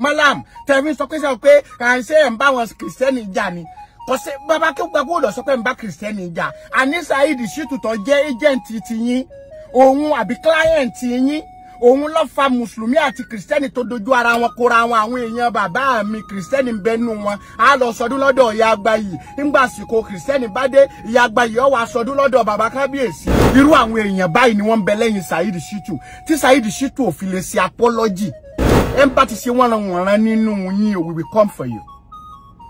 malam tẹ̀mí sọ pé sọ pé à ń ṣe ẹ̀ ń wọn kìrìsìtẹ́nì jà ni kọsẹ bàbá kéwàá kó lọ sọ pé ń bá kìrìsìtẹ́nì jà àní saheed ṣìtù tó jẹ́ ẹjẹǹtì tiyín òun àbí kíláyẹǹtì yín òun ló fa mùsùlùmí àti kìrìsìtẹ́nì tó dojú ara wọn kóra wọn àwọn èèyàn bàbá mi kìrìsìtẹ́nì ń bẹnu wọn á lọ sọdún lọ́dọ̀ ìyá agbayì nígbà àsìkò kìrìsìtẹ́nì bá dé ìyá agbayì ó wá sọdún lọ́dọ̀ bàbá kábíyèsí irú àwọn èèyàn báyìí ni wọ́n ń bẹ lẹ́yìn saheed ṣìtù tí saheed ṣìtù ò fi lè ṣe apọ́lọ́jì Empathy ń bá ti ṣe wọ́n wọ̀nran we will come for you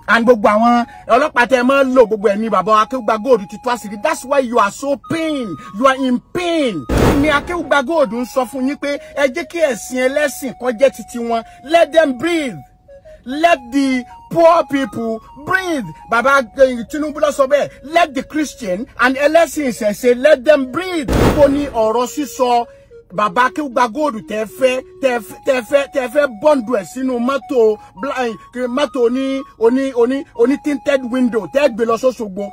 and gbogbo àwọn ọlọ́pàá tẹ máa ń lò gbogbo ẹni bàbá akéwùgbà góòdù ti tó àṣírí that's why you are so pain you are in pain ni akéwùgbà góòdù ń sọ fún yín pé ẹ jẹ́ kí ẹ̀sìn ẹlẹ́sìn kó jẹ́ titi wọn let them breathe let the poor people breathe bàbá eh, Tinubu ló sọ bẹ́ẹ̀ let the Christian and ẹlẹ́sìn ṣẹ̀ṣẹ̀ let them breathe. kò ní ọ̀rọ̀ sísọ bàbá kí gba góòdù tẹ fẹ́ tẹ bọ́ǹdù ẹ̀ sínú mọ́tò eh, mọ́tò oní oní oní oní tinted window tẹ́ lọ sọ́sọ́gbó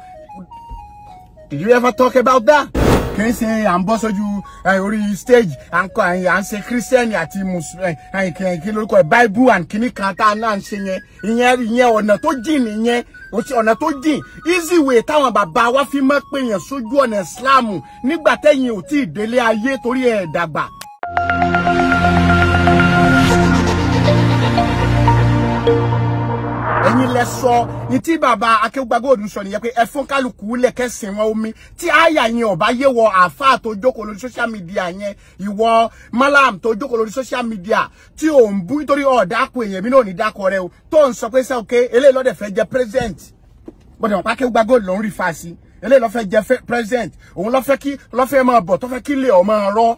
did you ever talk about that. kì í ṣe à ń bọ́ sójú eh, orí stage à ń kọ à ń ṣe kírísítẹ́nì àti mùsùlùmí eh, kí lórúkọ ẹ̀ and kìnnìkan tá a náà ń ṣe yẹn ìyẹn ìyẹn ọ̀nà tó jìn nìyẹn ó ti ọ̀nà tó jìn easy way táwọn bàbá wa fi máa ń pèèyàn sójú ọ̀nà Islam nígbà tẹ́yìn ò tí ì délé ayé torí ẹ̀ dàgbà ẹ̀yin lẹ sọ ní tí bàbá Akéwùgbà Gold sọ nìyẹn pé ẹ fún kálukú lẹ̀kẹ́ sìn wọn omi tí àyà yẹn ọ̀bá yé wọ àáfàá tó jókòó lórí social media yẹn ìwọ malam tó jókòó lórí social media ti ò ń bú nítorí ku èèyàn mi náà ní dákọ̀ rẹ o tó ń sọ pé sẹ́ òkè eléyìí lọ́dẹ̀ fẹ́ jẹ́ present but bàbá Akéwùgbà Gold ló ń rí fàásì eléyìí lọ́fẹ́ jẹ́ present òun lọ́fẹ́ kí lọ́fẹ́ máa bọ̀ tọ́fẹ́ o ma ọmọ rọ́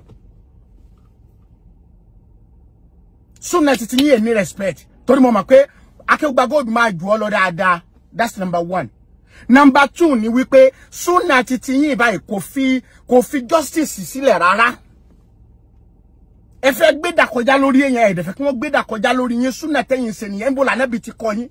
súnà títí yín èmi respect torí mo mọ̀ pé Akeugba Gold máa jù ọ́ lọ dáadáa that's number one number two ni wípé Sunna titi yín báyìí kò fi kò fi justice sílẹ̀ rárá ẹ fẹ́ gbé dà kọjá lórí èèyàn ẹ̀dẹ̀ fẹ́ kí wọ́n gbé dà kọjá lórí yín Sunna tẹ́yìn ṣe nìyẹn ń bò lànà bí ti kọ yín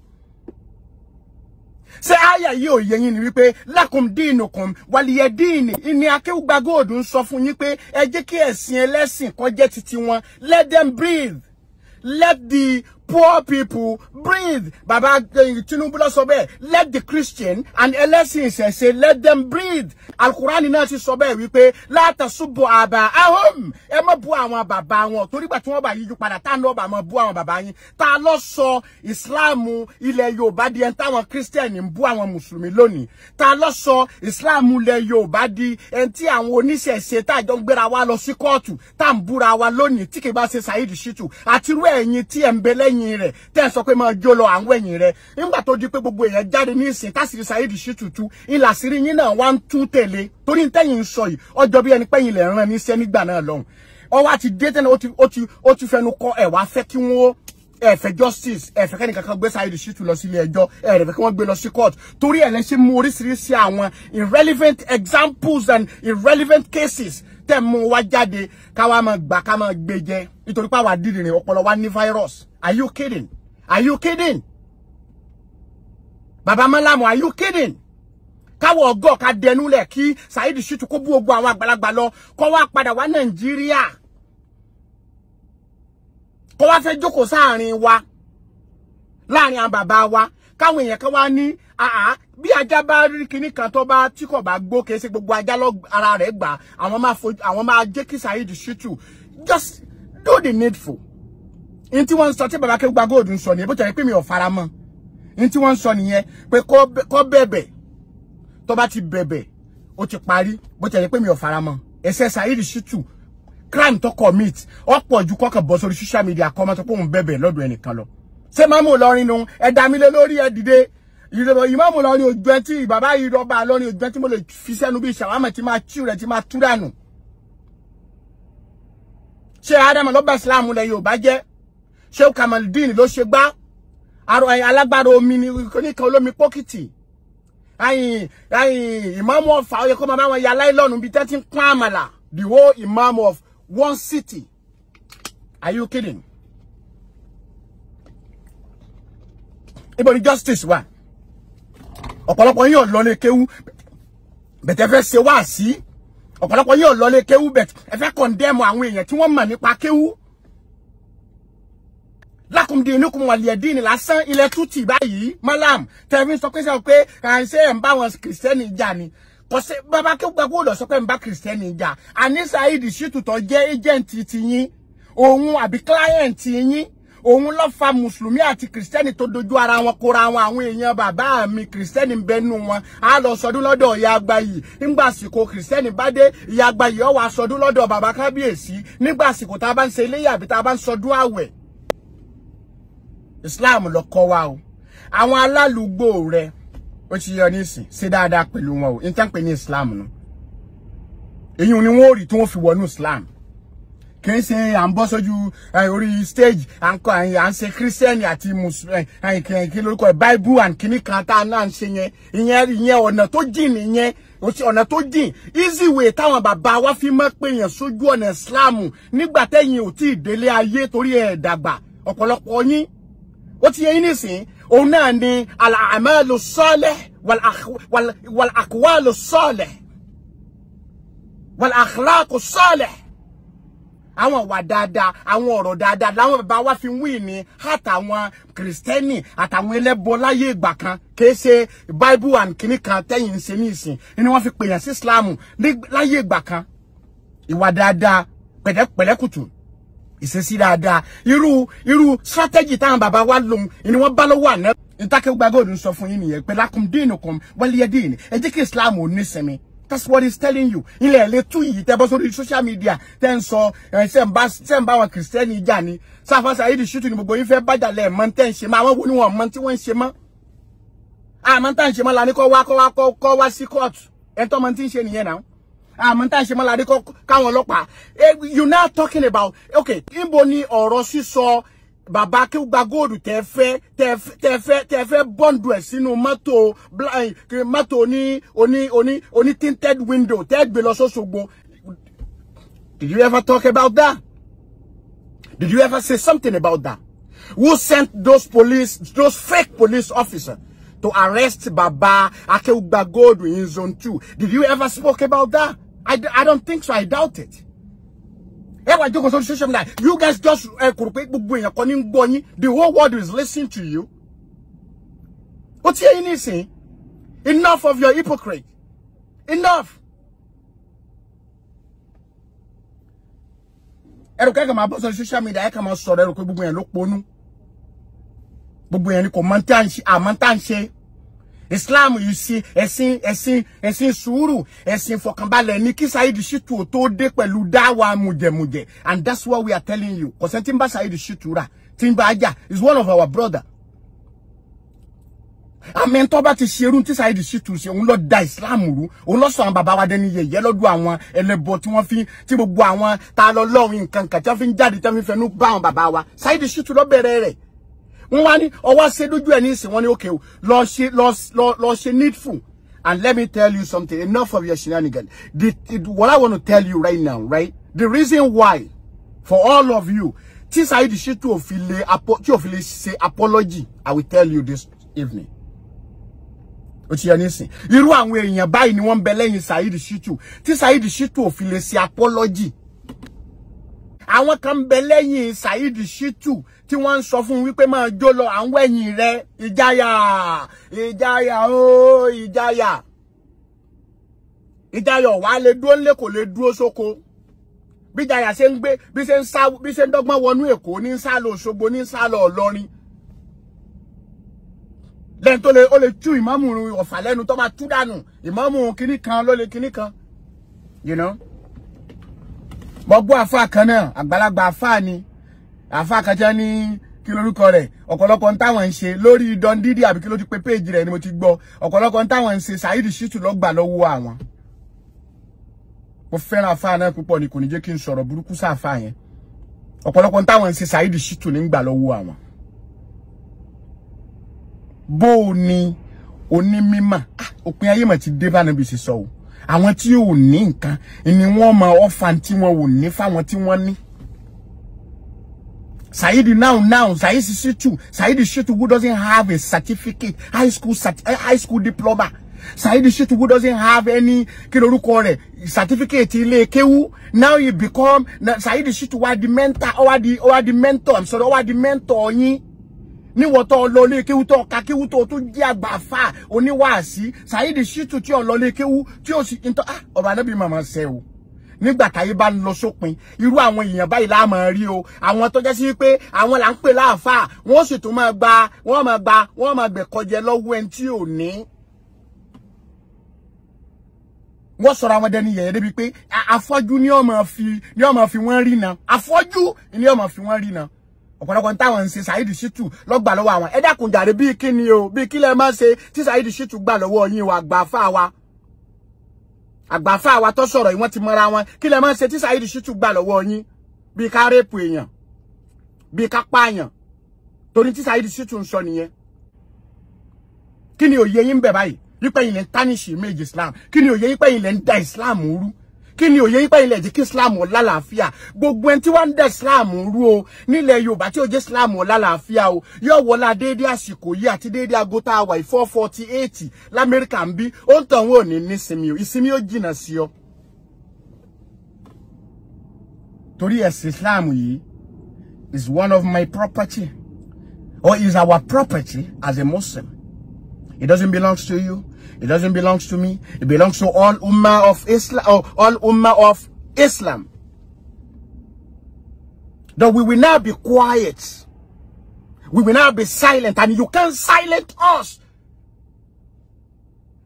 ṣé àyà yìí ò yé yín ni wípé lakum dinukum wàlìyẹ díìnì ìní Akeugba Gold ń sọ fún yín pé ẹ jẹ́ kí ẹ̀sìn ẹlẹ́sìn kó titi wọn let them breathe let the poor people breathe. Baba eh, Tinubu ló sọ bẹ́ẹ̀, let the Christian and ẹlẹ́sìn eh, say, let them breathe. Al-Qur'an náà ti sọ bẹ́ẹ̀ wípé látàṣubọ̀ àbà ahom ẹ má bu àwọn wa wọn torí gbà tí wọ́n bá yíjú padà ba ma bá mọ bu àwọn bàbá yín. Ta ló sọ Ìsìláàmù ilẹ̀ Yorùbá di ẹni táwọn Christian ń bu àwọn Mùsùlùmí Ta ló sọ Ìsìláàmù ilẹ̀ Yorùbá di ẹni tí àwọn oníṣẹ̀ṣe tá àjọ ń gbéra wa lọ sí kóòtù tá à ń búra wa lónìí tí kì í bá ṣe Saheed Shittu àtirú ẹ̀yin tí ẹ̀ ń bẹ lẹ́yìn lẹ́yìn rẹ̀ tẹ́ sọ pé máa jó lọ à ń wẹ̀yìn nígbà tó di pé gbogbo èèyàn jáde ní ìsìn tásìrì Saheed sí tutù ìlàsírí yín náà wá ń tú tẹ̀lé torí tẹ́yìn ń sọ yìí ọjọ́ bí ẹni pẹ́yìn lẹ̀ ràn níṣẹ́ nígbà náà lọ́hùn ọwọ́ àti dé tẹ́lẹ̀ ó ti fẹnu kọ ẹ̀ wá kí wọ́n ẹ justice ẹ fẹ́ kankan gbé Saheed Shittu lọ sílé ẹjọ́ ẹ rẹ̀ fẹ́ kí wọ́n gbé lọ sí court torí ẹ̀ mú oríṣiríṣi àwọn irrelevant examples and irrelevant cases tẹ́ mú wá jáde ká wá máa gbà ká máa gbé jẹ nítorí pé àwa wa ní virus are you kidding are you kidding baba malamu are you kidding káwọ ọgọ ká dẹnulẹ kí Saheed Shittu kó bú ogun àwọn àgbàlagbà lọ kó wá padà wá Nàìjíríà kó wá fẹ́ jókòó sáàrin wa láàrin àwọn wa káwọn èèyàn kan wá ní bí ajá bá rí kinní kan tó bá tí kò bá gbó kìí ṣe gbogbo ajá lọ ara rẹ̀ gbà àwọn máa fojú àwọn máa jẹ́ kí Saheed Shittu just do the needful n tí wọ́n ń sọ tí baba Akeugba Gold ń sọ nìyẹn bó tẹ̀lé pé mi ò fara mọ́ n tí wọ́n ń sọ nìyẹn pé kó bẹ̀bẹ̀ tó bá ti bẹ̀bẹ̀ ó ti parí bó tẹ̀lé pé mi ò fara mọ́ ẹ̀ṣẹ̀ Saheed Shittu crime tó commit ọ̀pọ̀ ju kọ́kàn bọ́ sórí social media kọ́ ọmọ tó pọ̀ ń bẹ̀bẹ̀ lọ́dọ̀ ẹnìkan lọ ṣé mámù lọrin nu ẹ dá mi lé lórí ẹ dìde ìrọ̀rọ̀ ìmáàmù lọrin ojú ẹ tí bàbá yìí rọba lọrin ojú ẹ tí mo lè fi sẹ́nu bíi ṣàwámẹ̀ tí máa tú rẹ̀ Adam, máa tú dànù. ṣé ádámù lọ́ba ìsìláàmù lẹ Yorùbá jẹ́ ṣé Kamaldeen ló ṣe gbá alágbára omi ni oníkan olómi pọ́kìtì ayin ayin ìmáàmù ọ̀fà ó yẹ kó máa bá wọn ya láìlọ́ọ̀nù bíi tẹ́tí ń pọ́n àmàlà the whole imam of one city are you kidding? ibo ni justice wà ọ̀pọ̀lọpọ̀ yín ò lọ lé kéwú bẹ̀tẹ̀ fẹ́ ṣe wá sí ọ̀pọ̀lọpọ̀ yín ò lọ lé kéwú bẹ̀tẹ̀ ẹ fẹ́ kọ̀ndẹ́mù àwọn èèyàn tí wọ́n mọ̀ nípa kéwú lákùndín inúkùn wàlíẹ̀dín lásán ilẹ̀ tútì báyìí malam tẹ̀mí sọ pé sẹ́wọ̀n pé à ń ṣe ẹ̀ ń bá wọn kìrìsìtẹ́nì jà ni kò Baba ke kí gbàgbọ́ ọ̀dọ̀ sọ pé ń bá kìrìsìtẹ́nì jà àní Saheed Shittu tó jẹ́ agent ti yín òun àbí client yín òun ló fa mùsùlùmí àti kìrìsìtẹ́nì tó dojú ara wọn kóra wọn àwọn èèyàn bàbá mi kìrìsìtẹ́nì ń bẹnu wọn á lọ sọdún lọ́dọ̀ ìyá agbayì nígbà àsìkò kìrìsìtẹ́nì bá dé ìyá agbayì ó wá sọdún lọ́dọ̀ bàbá kábíyèsí nígbà àsìkò tá a bá ń ṣe iléyá àbí tá a bá ń sọdún àwẹ̀ Islam ló kọ́ wa o àwọn alálùgbò rẹ ó ti yọ nísìn ṣe dáadáa pẹ̀lú wọn o ní tán pè ni Islam kì í ṣe à ń bọ́ sójú eh, orí stage à ń kọ à ń ṣe kírísítẹ́nì àti mùsùlùmí eh, eh, kí lórúkọ ẹ̀ and kìíní kan tá a náà ń ṣe yẹn ìyẹn ìyẹn ọ̀nà tó jìn nìyẹn ọ̀nà tó jìn easy way táwọn bàbá wa fi máa pè yẹn sójú ọ̀nà Islam nígbà tẹ́yìn ò tí ì délé ayé torí ẹ̀ dàgbà ọ̀pọ̀lọpọ̀ yín ó ti yẹ yín nísìn òun náà ni al-a'malu salih wal-aqwalu salih wal-akhlaqu salih àwọn ìwà dáadáa àwọn ọ̀rọ̀ dáadáa làwọn bàbá wa fi wí ní àtàwọn kìrìsìtẹ́nì àtàwọn ẹlẹ́bọ láyé ìgbà kan kìí ṣe bible and kìnnì kan tẹ́yìn ń ṣe ní ìsìn ni wọ́n fi pèyàn sí islamu láyé ìgbà kan ìwà dáadáa pẹ̀lẹ́kùtù ìṣesí dáadáa irú irú strategy táwọn bàbá wa lòun ni wọ́n bá lọ́wọ́ àná ìtàkẹ́gbàgọ́dù ń sọ fún yín nìyẹn pé lákùndínìkan wọ́n lé dín ẹ kí islam ò ní sinmi That's what he's telling you. Ilẹ̀ ilé tú yìí tẹ́ bọ́ sórí social media tẹ́ ń sọ ṣẹ́ ń bá wọn Christian. Ija ni. Sáfà Saheed Shittu ni gbogbo yín fẹ́ bàjá lẹ̀ mọ́ tẹ́ ń ṣe mọ́ àwọn wo ni wọ́n mọ́ tí wọ́n ń ṣe mọ́. Àmọ́ tá ń ṣe mọ́ la ní kọ́ wá kọ́ wá kọ́ wá sí kóòtù. Ẹ tọ́ mọ́ tí ń ṣe nìyẹn náà. Àmọ́ tá ń ṣe mọ́ la ní kọ́ káwọn ọlọ́pàá. Eh, you now talking about okay, níbo ni ọ̀rọ̀ sísọ bàbá kí gba góòlù tẹ́ fẹ́ tẹ́ fẹ́ tẹ́ fẹ́ bọ́ǹdù ẹ̀ sínú blind mọ́tò ni oní oní oní tinted window tẹ́ gbé lọ sọ́sọ́gbó did you ever talk about that did you ever say something about that who sent those police those fake police officer, to arrest baba akewugba gold in zone two did you ever spoke about that I, I don't think so I doubt it social media you guys just the whole world is listening to you. But ti you yín enough of your hypocrite enough. social media ni islam yìí sí ẹ̀sìn ẹ̀sìn ẹ̀sìn sùúrù ẹ̀sìn ìfọ̀kànbalẹ̀ ní kí Saheed Shittu tó dé pẹ̀lú dáwà mùjẹ̀mùjẹ̀ and that's what we are telling you kò sẹ́ni tí ń bá Saheed Shittu rà tí ń bá ajá is one of our brother àmì tó bá ti ṣe irú tí Saheed Shittu ṣe òun lọ da islam rú òun lọ sọ àwọn bàbá wa dẹni yẹ̀yẹ́ lọ́dọ̀ àwọn ẹlẹ́bọ tí wọ́n fi tí gbogbo àwọn ta lọ lọ́run nǹkan kan tí wọ́n fi ń jáde tí wọ́n fi fẹnu bá àwọn bàbá wa Saheed Shittu lọ bẹ̀rẹ̀ rẹ̀ wọ́n wá ní ọwọ́ ṣe lójú ní ìsìn wọ́n ní okay o lọ ṣe lọ lọ ṣe needful and let me tell you something enough of your shenanigan the, it, what I want to tell you right now right the reason why for all of you tí Saheed Shittu ò fi lè tí ò fi lè ṣe apology I will tell you this evening ó ti yẹ nísìn irú àwọn èèyàn báyìí ni wọ́n ń bẹ lẹ́yìn Saheed Shittu tí Saheed Shittu ò fi lè ṣe apology àwọn kan ń bẹ lẹ́yìn Saheed Shittu tí wọ́n ń sọ fún wípé máa jó lọ à ń wẹ̀yìn rẹ ìjáyà ìjáyà ooo ìjáyà ìjáyà wàá lè dúró ńlẹ̀ kò lè dúró sóko bí ìjáyà ṣe ń gbé bí ṣe ń sá bí ṣe ń dọ́gbọ́n wọnú Èkó ní sálọ Òṣogbo ní sálọ Ọlọ́rin lẹ́yìn tó lè ó lè tú ìmáàmù Ọ̀fà lẹ́nu tó máa tú dànù ìmáàmù kinní kan ló lè kinní kan you know mo gbọ́ àfáà kan náà àgbàlagbà àfáà ni àfáà kan jẹ́ ní kí lorúkọ rẹ̀ ọ̀pọ̀lọpọ̀ ń táwọn ń ṣe lórí Don Didi àbí kí ló ti pe péèjì rẹ̀ ni mo ti gbọ́ ọ̀pọ̀lọpọ̀ ń táwọn ń ṣe Saheed Shittu ló gbà lọ́wọ́ mo fẹ́ràn àfáà náà púpọ̀ ni kò ní jẹ́ kí n sọ̀rọ̀ burúkú sáfáà yẹn ọ̀pọ̀lọpọ̀ ń táwọn ń ṣe Saheed Shittu ní gbà lọ́wọ́ àwọn. bó o ní onímímà òpin ayé ti dé bá níbi ìṣesọ́ o àwọn tí ò ní nǹkan ni wọ́n máa ọ̀fà tí wọ́n ò ní fáwọn tí wọ́n ní. Saidi now now Saidi Shitu Saidi Shitu who doesn't have a certificate high school eh, high school diploma Saidi Shitu who doesn't have any kí lorúkọ rẹ̀ certificate ilé kéwú now he become Saidi Shitu wá di mentor ó wá di ó wá di mentor I'm sorry ó wá di mentor yín níwọ tó lọlé kéwú tó ka kéwú tó tún jẹ àgbàfà oníwàásí Saheed Shittu tí ó lọlé kéwú tí ó sì ń tọ́ ah, ọ̀rọ̀ anábì màmá ṣe o nígbà táyé bá ń lọ sópin irú àwọn èèyàn báyìí la máa rí o àwọn tó jẹ́ sí pé àwọn là ń pè láàfà wọ́n sì tún máa gba wọ́n máa gba wọ́n máa gbẹ̀kọ́jẹ lọ́wọ́ ẹni tí ò ní. wọ́n sọ̀rọ̀ àwọn dẹni yẹ̀yẹ́ débi pé afọ́jú ni ó máa fi ni ó máa fi wọ́n rí na afoju ni ó máa fi wọ́n rí na ọ̀pọ̀lọpọ̀ táwọn ń ṣe Saheed Shittu lọ́gbà lọ́wọ́ àwọn ẹ dákun jàre bíi kí ni o bíi kí lẹ máa ṣe tí Saheed Shittu gbà lọ́wọ́ yín o àgbàfà wa àgbàfà wa tó sọ̀rọ̀ yìí wọ́n ti mọ́ra wọn kí lẹ máa ṣe tí Saheed Shittu gbà lọ́wọ́ yín bíi ká rẹ́pù èèyàn bíi ká pààyàn torí tí Saheed Shittu ń sọ nìyẹn kí ni òye yín bẹ̀ báyìí yípẹ́ yìí ń tánìṣì méjì Islam kí ni òye yípẹ́ yìí lẹ́ ń da Islam rú kí ni òye yípa ilẹ̀ jẹ́ kí islam ó lálàáfíà gbogbo ẹni tí wọ́n ń dẹ̀ islam rú o nílẹ̀ yorùbá tí ó jẹ́ islam ó lálàáfíà o yóò wọlá déédéé àsìkò yìí àti déédéé aago tá a wà four forty eight lamẹ́ríkà ń bí ó ń tàn wọ́n ò ní nísinmi o ìsinmi ó jìnnà sí ọ. torí ẹ̀sìn islam o lalaafia o yoo wola deedee asiko yii ati deedee aago wa 448 lamerika n bi on tan won o ni nisinmi o isinmi o jinna si o tori esin islam yii is one of my property or is our property as a muslim it doesn't belong to you it doesn't belong to me. It belongs to all Ummah of Islam, oh, all Ummah of Islam. That we will now be quiet. We will now be silent. And you can't silence us.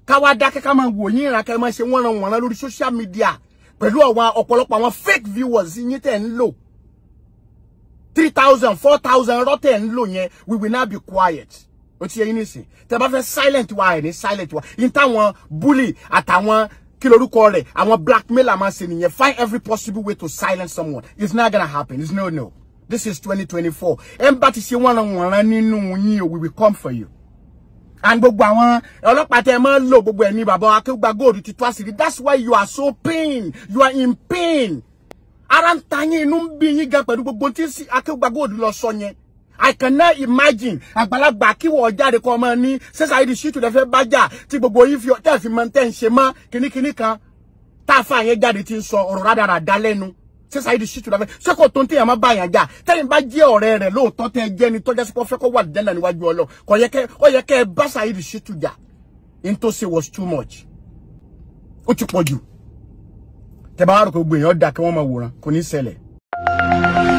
Kawadake kama ká máa wò ṣe wana wana lórí social media pẹ̀lú àwọn ọ̀pọ̀lọpọ̀ àwọn fake viewers in tẹ̀ ń lò. three thousand four thousand rọ́tẹ̀ ń we will now be quiet. ó ti yẹ yín nísìn tẹ́ bá fẹ́ silent wa ẹ̀ ní silent wa yín táwọn bully àtàwọn kí lorúkọ rẹ̀ àwọn blackmailer máa ṣe nìyẹn find every possible way to silence someone it's not gonna happen it's no no this is 2024 ẹ̀ ń bá ti ṣe wọ́n wọ̀nrán nínú yín o we will come for you and gbogbo àwọn ọlọ́pàá tẹ́ máa ń lò gbogbo ẹ̀mí bàbá akéwùgbà góòdù ti tó àṣírí that's why you are so pain you are in pain ara ń ta yín inú ń bí yín gan pẹ̀lú gbogbo tí akéwùgbà lọ sọ yẹn I cannot imagine àgbàlagbà kí wọ́n jáde kọ́ ọmọ ní sẹ́sàáyé di ṣíìtù lẹ́fẹ́ bá jà tí gbogbo yín fi tẹ́ fi mọ tẹ́ ń ṣe mọ́ kínníkínní kan tá a fà yẹn jáde ti ń sọ ọ̀rọ̀ rádaràda lẹ́nu sẹ́sàáyé di ṣíìtù lẹ́fẹ́ ṣé kò tó ń tẹ̀yàn má bá yàn jà tẹ́yìn bá jẹ́ ọ̀rẹ́ rẹ̀ lóòótọ́ tẹ́ jẹ́ ni tọ́jà sípò fẹ́ kó wà dẹ́nà níwájú ọlọ kò yẹ kẹ́ ó yẹ kẹ́ bá Saheed Shittu jà in tó ṣe was too much ó ti pọ̀ jù tẹ́ bá wà rò pé gbogbo èèyàn kí wọ́n máa wòran kò ní ṣẹlẹ̀.